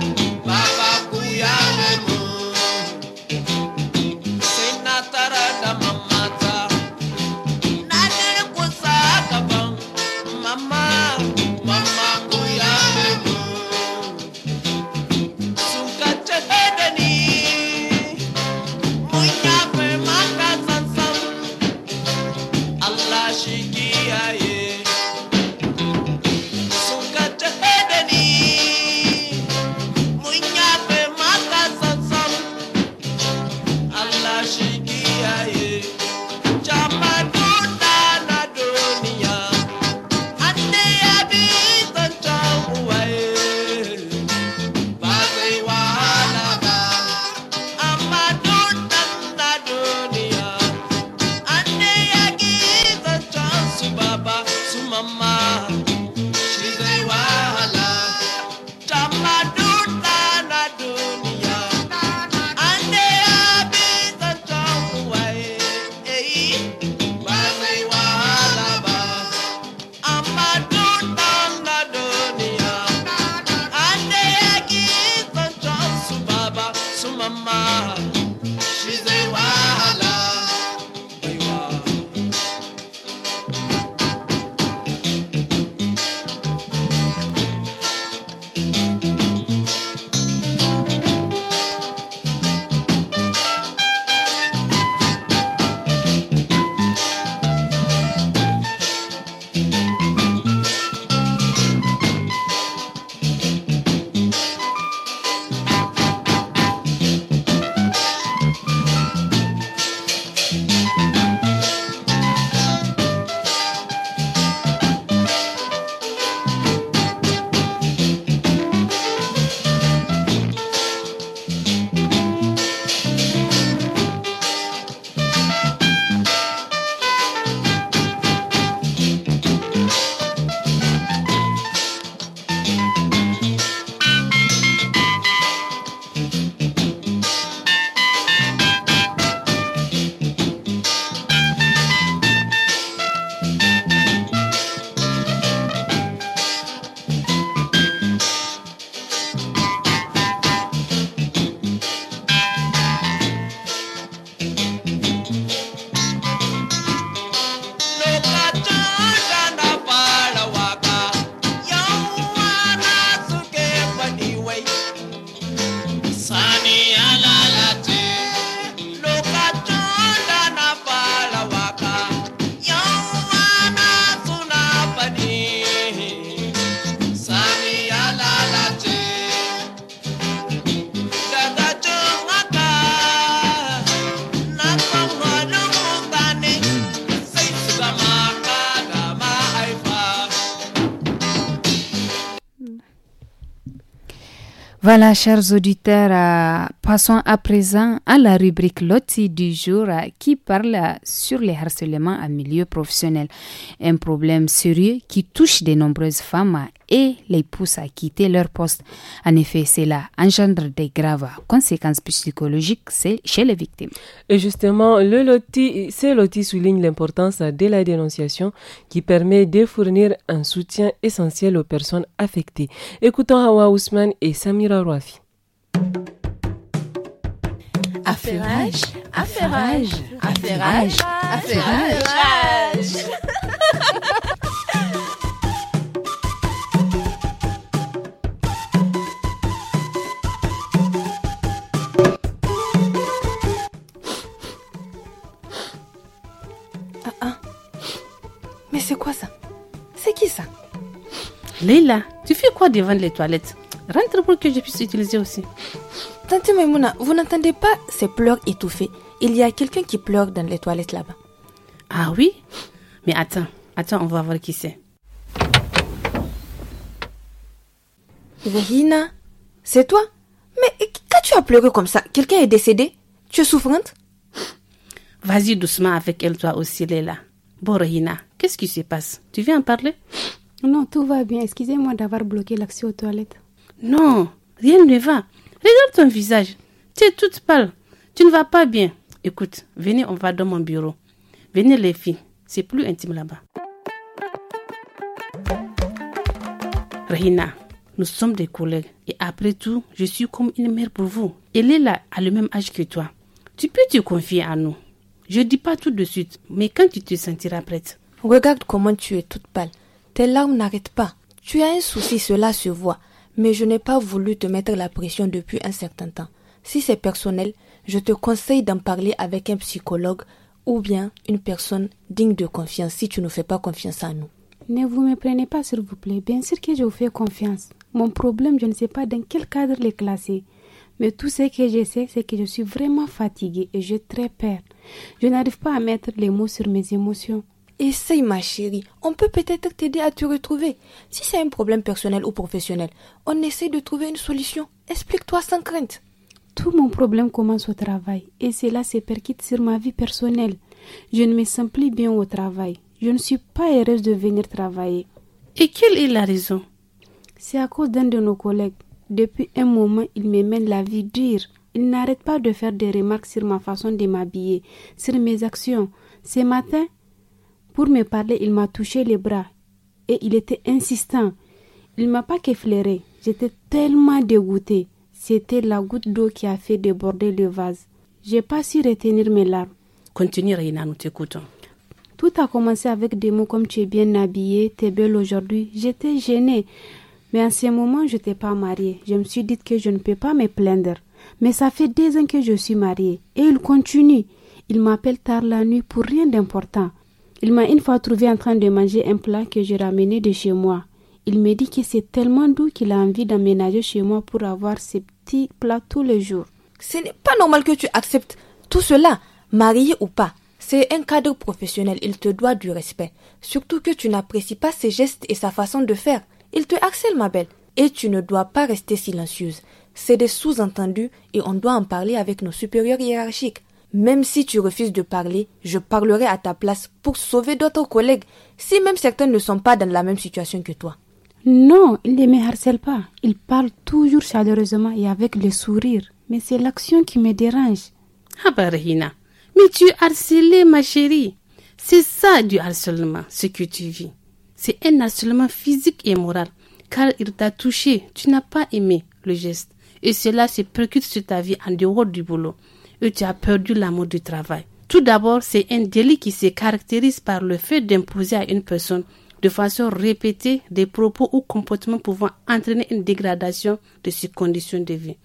thank you Voilà, chers auditeurs, euh, Passons à présent à la rubrique Loti du jour euh, qui parle euh, sur les harcèlements à milieu professionnel, un problème sérieux qui touche de nombreuses femmes euh, et les pousse à quitter leur poste. En effet, cela engendre des graves conséquences psychologiques chez les victimes. Et justement, le loti, ce souligne l'importance de la dénonciation qui permet de fournir un soutien essentiel aux personnes affectées. Écoutons Hawa Ousmane et Samira Rouafi. Affaire affairage, Affaire affairage. Ah ah. Mais c'est quoi ça C'est qui ça Leila, tu fais quoi devant les toilettes Rentre pour que je puisse utiliser aussi. Tante Maimouna, vous n'entendez pas ces pleurs étouffés Il y a quelqu'un qui pleure dans les toilettes là-bas. Ah oui Mais attends, attends, on va voir qui c'est. Regina, c'est toi Mais quand tu as pleuré comme ça, quelqu'un est décédé Tu es souffrante Vas-y doucement avec elle, toi aussi, Léla. Bon, Rohina, qu'est-ce qui se passe Tu viens en parler Non, tout va bien. Excusez-moi d'avoir bloqué l'accès aux toilettes. Non, rien ne va. Regarde ton visage. Tu es toute pâle. Tu ne vas pas bien. Écoute, venez, on va dans mon bureau. Venez les filles. C'est plus intime là-bas. Rina nous sommes des collègues. Et après tout, je suis comme une mère pour vous. Elle est là, à le même âge que toi. Tu peux te confier à nous. Je dis pas tout de suite, mais quand tu te sentiras prête. Regarde comment tu es toute pâle. Tes larmes n'arrêtent pas. Tu as un souci, cela se voit mais je n'ai pas voulu te mettre la pression depuis un certain temps. Si c'est personnel, je te conseille d'en parler avec un psychologue ou bien une personne digne de confiance si tu ne fais pas confiance à nous. Ne vous méprenez pas, s'il vous plaît. Bien sûr que je vous fais confiance. Mon problème, je ne sais pas dans quel cadre les classer. Mais tout ce que je sais, c'est que je suis vraiment fatiguée et j'ai très peur. Je n'arrive pas à mettre les mots sur mes émotions. Essaye, ma chérie. On peut peut-être t'aider à te retrouver. Si c'est un problème personnel ou professionnel, on essaie de trouver une solution. Explique-toi sans crainte. Tout mon problème commence au travail et cela se percute sur ma vie personnelle. Je ne me sens plus bien au travail. Je ne suis pas heureuse de venir travailler. Et quelle est la raison C'est à cause d'un de nos collègues. Depuis un moment, il me mène la vie dure. Il n'arrête pas de faire des remarques sur ma façon de m'habiller, sur mes actions. Ce matin, pour me parler, il m'a touché les bras et il était insistant. Il m'a pas qu'effleuré. J'étais tellement dégoûtée. C'était la goutte d'eau qui a fait déborder le vase. J'ai pas su retenir mes larmes. Continue, Rina, nous t'écoutons. Tout a commencé avec des mots comme tu es bien habillée, tu es belle aujourd'hui. J'étais gênée. Mais en ce moment, je n'étais pas mariée. Je me suis dit que je ne peux pas me plaindre. Mais ça fait des ans que je suis mariée. Et il continue. Il m'appelle tard la nuit pour rien d'important. Il m'a une fois trouvé en train de manger un plat que j'ai ramené de chez moi. Il me dit que c'est tellement doux qu'il a envie d'emménager chez moi pour avoir ces petits plats tous les jours. Ce n'est pas normal que tu acceptes tout cela, marié ou pas. C'est un cadre professionnel, il te doit du respect. Surtout que tu n'apprécies pas ses gestes et sa façon de faire. Il te harcèle, ma belle. Et tu ne dois pas rester silencieuse. C'est des sous-entendus et on doit en parler avec nos supérieurs hiérarchiques. Même si tu refuses de parler, je parlerai à ta place pour sauver d'autres collègues, si même certains ne sont pas dans la même situation que toi. Non, il ne me harcèle pas. Il parle toujours chaleureusement et avec le sourire. Mais c'est l'action qui me dérange. Ah bah mais tu harcelais ma chérie. C'est ça du harcèlement, ce que tu vis. C'est un harcèlement physique et moral, car il t'a touché, tu n'as pas aimé le geste. Et cela se percute sur ta vie en dehors du boulot que tu as perdu l'amour du travail. Tout d'abord, c'est un délit qui se caractérise par le fait d'imposer à une personne de façon répétée des propos ou comportements pouvant entraîner une dégradation de ses conditions de vie.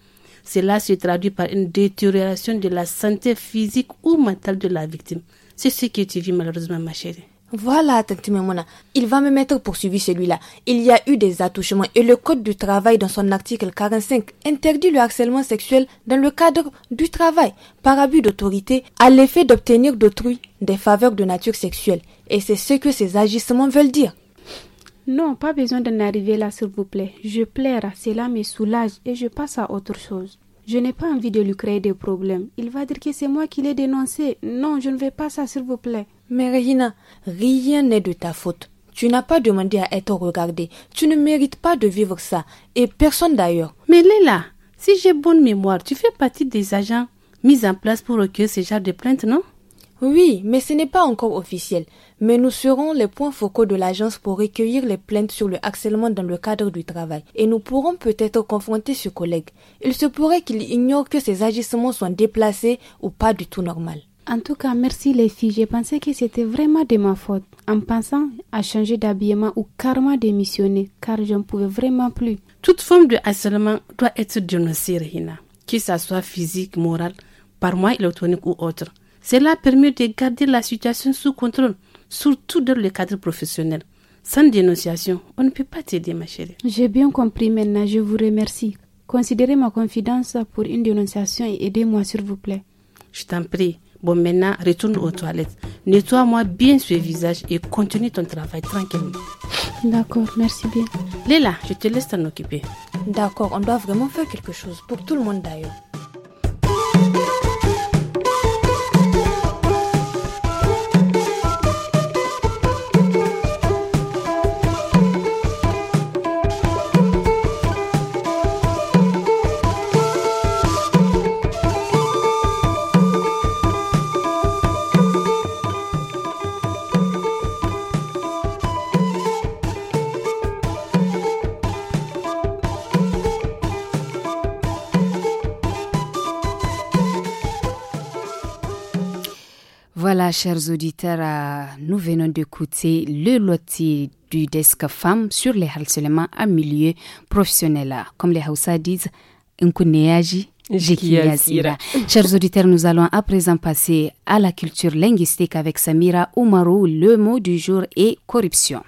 Cela se traduit par une détérioration de la santé physique ou mentale de la victime. C'est ce que tu vis malheureusement, ma chérie. Voilà, Tante Memona. Il va me mettre poursuivi celui-là. Il y a eu des attouchements et le Code du travail dans son article 45 interdit le harcèlement sexuel dans le cadre du travail par abus d'autorité à l'effet d'obtenir d'autrui des faveurs de nature sexuelle. Et c'est ce que ces agissements veulent dire. Non, pas besoin d'en arriver là, s'il vous plaît. Je plaire, cela me soulage et je passe à autre chose. Je n'ai pas envie de lui créer des problèmes. Il va dire que c'est moi qui l'ai dénoncé. Non, je ne veux pas ça, s'il vous plaît. Mais rien n'est de ta faute. Tu n'as pas demandé à être regardée. Tu ne mérites pas de vivre ça. Et personne d'ailleurs. Mais Léla, si j'ai bonne mémoire, tu fais partie des agents mis en place pour recueillir ces genre de plaintes, non Oui, mais ce n'est pas encore officiel. Mais nous serons les points focaux de l'agence pour recueillir les plaintes sur le harcèlement dans le cadre du travail. Et nous pourrons peut-être confronter ce collègue. Il se pourrait qu'il ignore que ces agissements soient déplacés ou pas du tout normaux. En tout cas, merci les filles. J'ai pensé que c'était vraiment de ma faute en pensant à changer d'habillement ou carrément démissionner car je ne pouvais vraiment plus. Toute forme de harcèlement doit être dénoncée, Rina, que ce soit physique, morale, par moi électronique ou autre. Cela permet de garder la situation sous contrôle, surtout dans le cadre professionnel. Sans dénonciation, on ne peut pas t'aider, ma chérie. J'ai bien compris maintenant, je vous remercie. Considérez ma confidence pour une dénonciation et aidez-moi, s'il vous plaît. Je t'en prie. Bon, maintenant, retourne aux toilettes. Nettoie-moi bien ce visage et continue ton travail tranquillement. D'accord, merci bien. Léla, je te laisse t'en occuper. D'accord, on doit vraiment faire quelque chose pour tout le monde d'ailleurs. chers auditeurs, euh, nous venons d'écouter le loti du desk femme sur les harcèlements à milieu professionnel. Comme les Hausa disent, Chers auditeurs, nous allons à présent passer à la culture linguistique avec Samira Oumarou. Le mot du jour est corruption.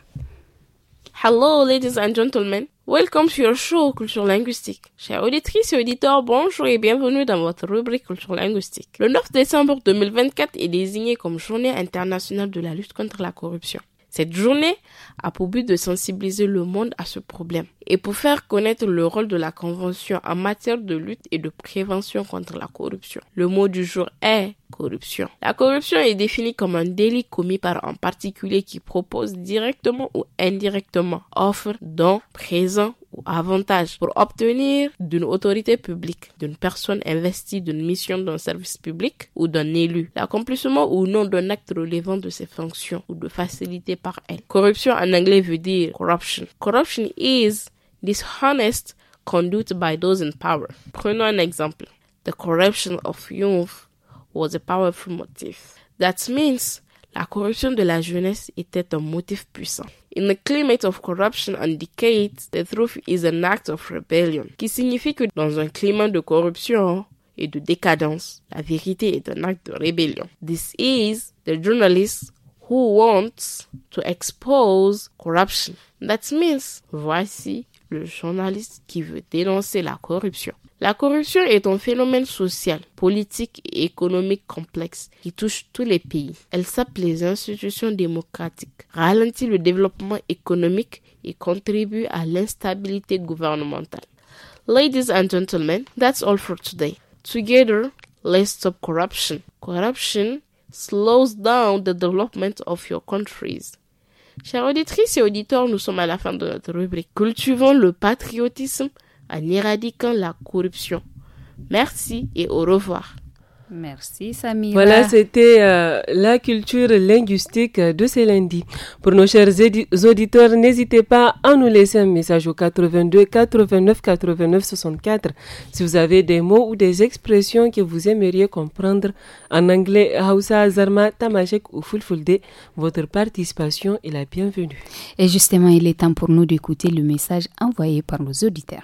Hello, ladies and gentlemen. Welcome to your show Culture Linguistique. Chers auditrices et auditeurs, bonjour et bienvenue dans votre rubrique Culture Linguistique. Le 9 décembre 2024 est désigné comme Journée internationale de la lutte contre la corruption. Cette journée a pour but de sensibiliser le monde à ce problème et pour faire connaître le rôle de la Convention en matière de lutte et de prévention contre la corruption. Le mot du jour est corruption. La corruption est définie comme un délit commis par un particulier qui propose directement ou indirectement offre, don, présent ou avantage pour obtenir d'une autorité publique, d'une personne investie d'une mission d'un service public ou d'un élu, l'accomplissement ou non d'un acte relevant de ses fonctions ou de facilité par elle. Corruption en anglais veut dire corruption. Corruption is dishonest conduct by those in power. one example. The corruption of youth was a powerful motive. That means la corruption de la jeunesse était un motif puissant. In a climate of corruption and decay, the truth is an act of rebellion, qui signifie que dans un climat de corruption et de décadence, la vérité est un acte de rébellion. This is the journalist who wants to expose corruption. That means, voici le journaliste qui veut dénoncer la corruption. La corruption est un phénomène social, politique et économique complexe qui touche tous les pays. Elle sape les institutions démocratiques, ralentit le développement économique et contribue à l'instabilité gouvernementale. Ladies and gentlemen, that's all for today. Together, let's stop corruption. Corruption slows down the development of your countries. Chers auditrices et auditeurs, nous sommes à la fin de notre rubrique Cultivons le patriotisme en éradiquant la corruption. Merci et au revoir. Merci Samira. Voilà, c'était euh, la culture linguistique de ce lundi. Pour nos chers auditeurs, n'hésitez pas à nous laisser un message au 82 89 89 64 si vous avez des mots ou des expressions que vous aimeriez comprendre en anglais, Hausa, Zarma, Tamashek ou Fulfulde. Votre participation est la bienvenue. Et justement, il est temps pour nous d'écouter le message envoyé par nos auditeurs.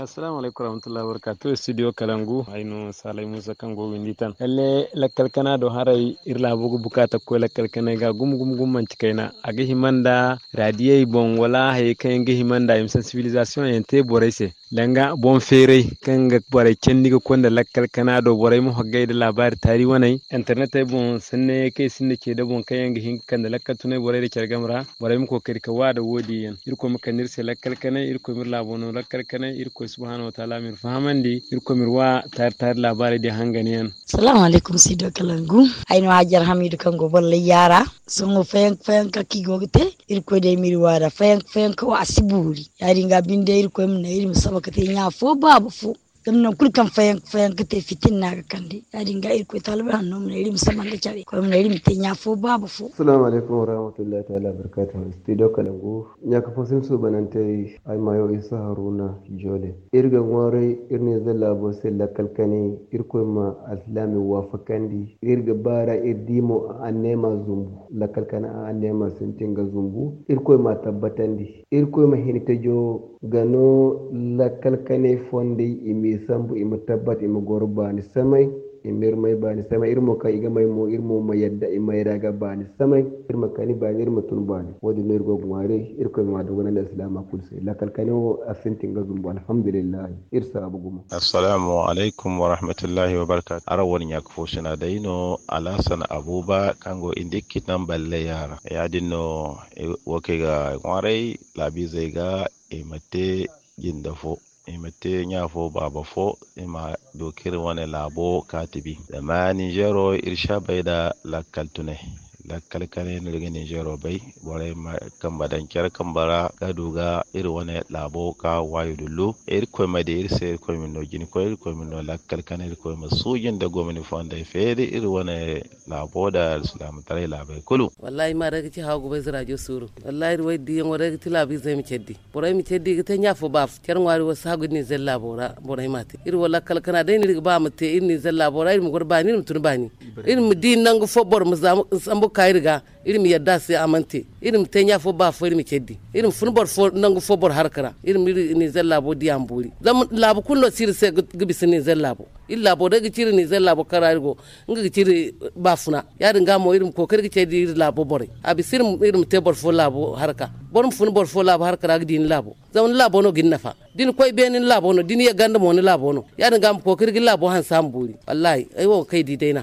assalamu alaikum warahmatullahi wabarakatuh studio kalangu aino salai musa kan go tan elle lakkal kalkana do harai irla bugu bukata ko lakkal kalkana ga gum gum gum man cikaina aga himanda radiyai bon wala hay kan ga himanda im sensibilisation en te borese langa bon feerey kanga boray cendiga konda lakkal kana do boray mo hoggayde labari tari wonay internet ay e bon sanne kay sinne cede bon kayanga hin kanda lakkal tunay boray de cergamra boray mo ko kadi ka wada wodi yen irko mo kanir se lakkal kanay irko mir labono lakkal kana irko subhanahu wa ta'ala mir fahamandi irko mir wa tar tar labari de hangani yen assalamu alaikum sido kalangu ayno hajar hamidu kango bolle yara songo fayan fayan ka kigogte irko de mir wada fayan fayan ka wa asiburi yari ngabinde irko mo na irmo ka te nya fo babu fo gamnan kulkan fayan fayan ka te fitin na ga kande ya dinga irko talibai hannu mun iri musamman da kyare ko mun iri mutin ya fo ba babu fo assalamu alaikum wa rahmatullahi ta'ala barakatuh barakatuhu studio kalangu ya ka fa sun su banante ai mayo isa haruna jole irgan ware irne zalla bo sai la kalkane irko ma aslami wa fa fakandi irga bara irdimo anema zumbu la kalkana anema sintinga zumbu irko ma tabbatandi irko ma hinita jo gano lakalkane fonde imi sambu imi tabbat imi goro bani samai imir mai bani samai irmo ka iga mai mo irmo mai yadda imai raga bani samai irma kani bani irmo tun bani wadi no irgo gumare irko ma dogo na islam akul sai la kalkane o asintin ga zumbu alhamdulillah irsa abu guma assalamu alaikum wa rahmatullahi wa barakatuh arawan ya kufo sina daino alasan abuba kango indikit nan balle yara ya dinno e, wake ga ngware labi zai ga imate e ginda fo imate e ɲafo baba fo ima e dokir wane labo katibi zamani jero irsha baida lakkal tune da kalkane na daga nijero bai bore kan badan kyar kan bara ga duga iri wani labo ka wayo dullo iri ko ma da iri sai ko min no gini ko iri ko min no la kalkane iri ko ma sujin da gomini fonda fere iri wani labo da islam tare labai kulu wallahi ma daga ci hagu bai zira jo suru wallahi wai diyan wa daga ti labi zai mi ceddi bore mi ceddi ga ta nyafo baf, kyar ngwari wa sagu ni zella bora bore ma mate iri wala kalkana dai ni ba mu te iri ni zella bora iri mu gurbani iri mu turbani iri mu din nan go fo bor mu zamu ka irga irim yadda se amante irim tenya fo ba fo irim keddi irim funbor fo nangu fo bor harkara irim iri ni zellabo di amburi zam labu kullo sir se gbis ni zellabo illa bo daga ciri ni zellabo karargo nga ciri ba funa yadin ga mo irim ko kirgi cedi irim labo bore abi sirim irim te bor fo labo harka borum funbor fo labo harkara gdin labo zam labo no ginna fa din koy benin labo no din ya ganda mo ni labo no yadin ga mo ko kirgi labo han samburi wallahi aiwo kai di daina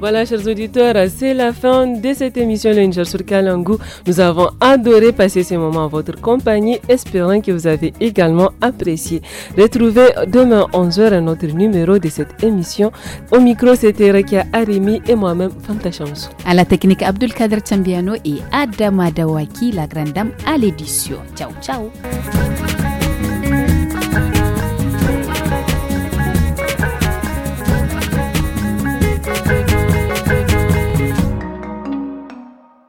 Voilà, chers auditeurs, c'est la fin de cette émission Ranger sur Kalangu. Nous avons adoré passer ce moment en votre compagnie, espérant que vous avez également apprécié. Retrouvez demain 11h un autre numéro de cette émission. Au micro, c'était Rekia Arimi et moi-même, Fanta À la technique, Abdul Kader Chambiano et Adama Dawaki, la grande dame à l'édition. Ciao, ciao.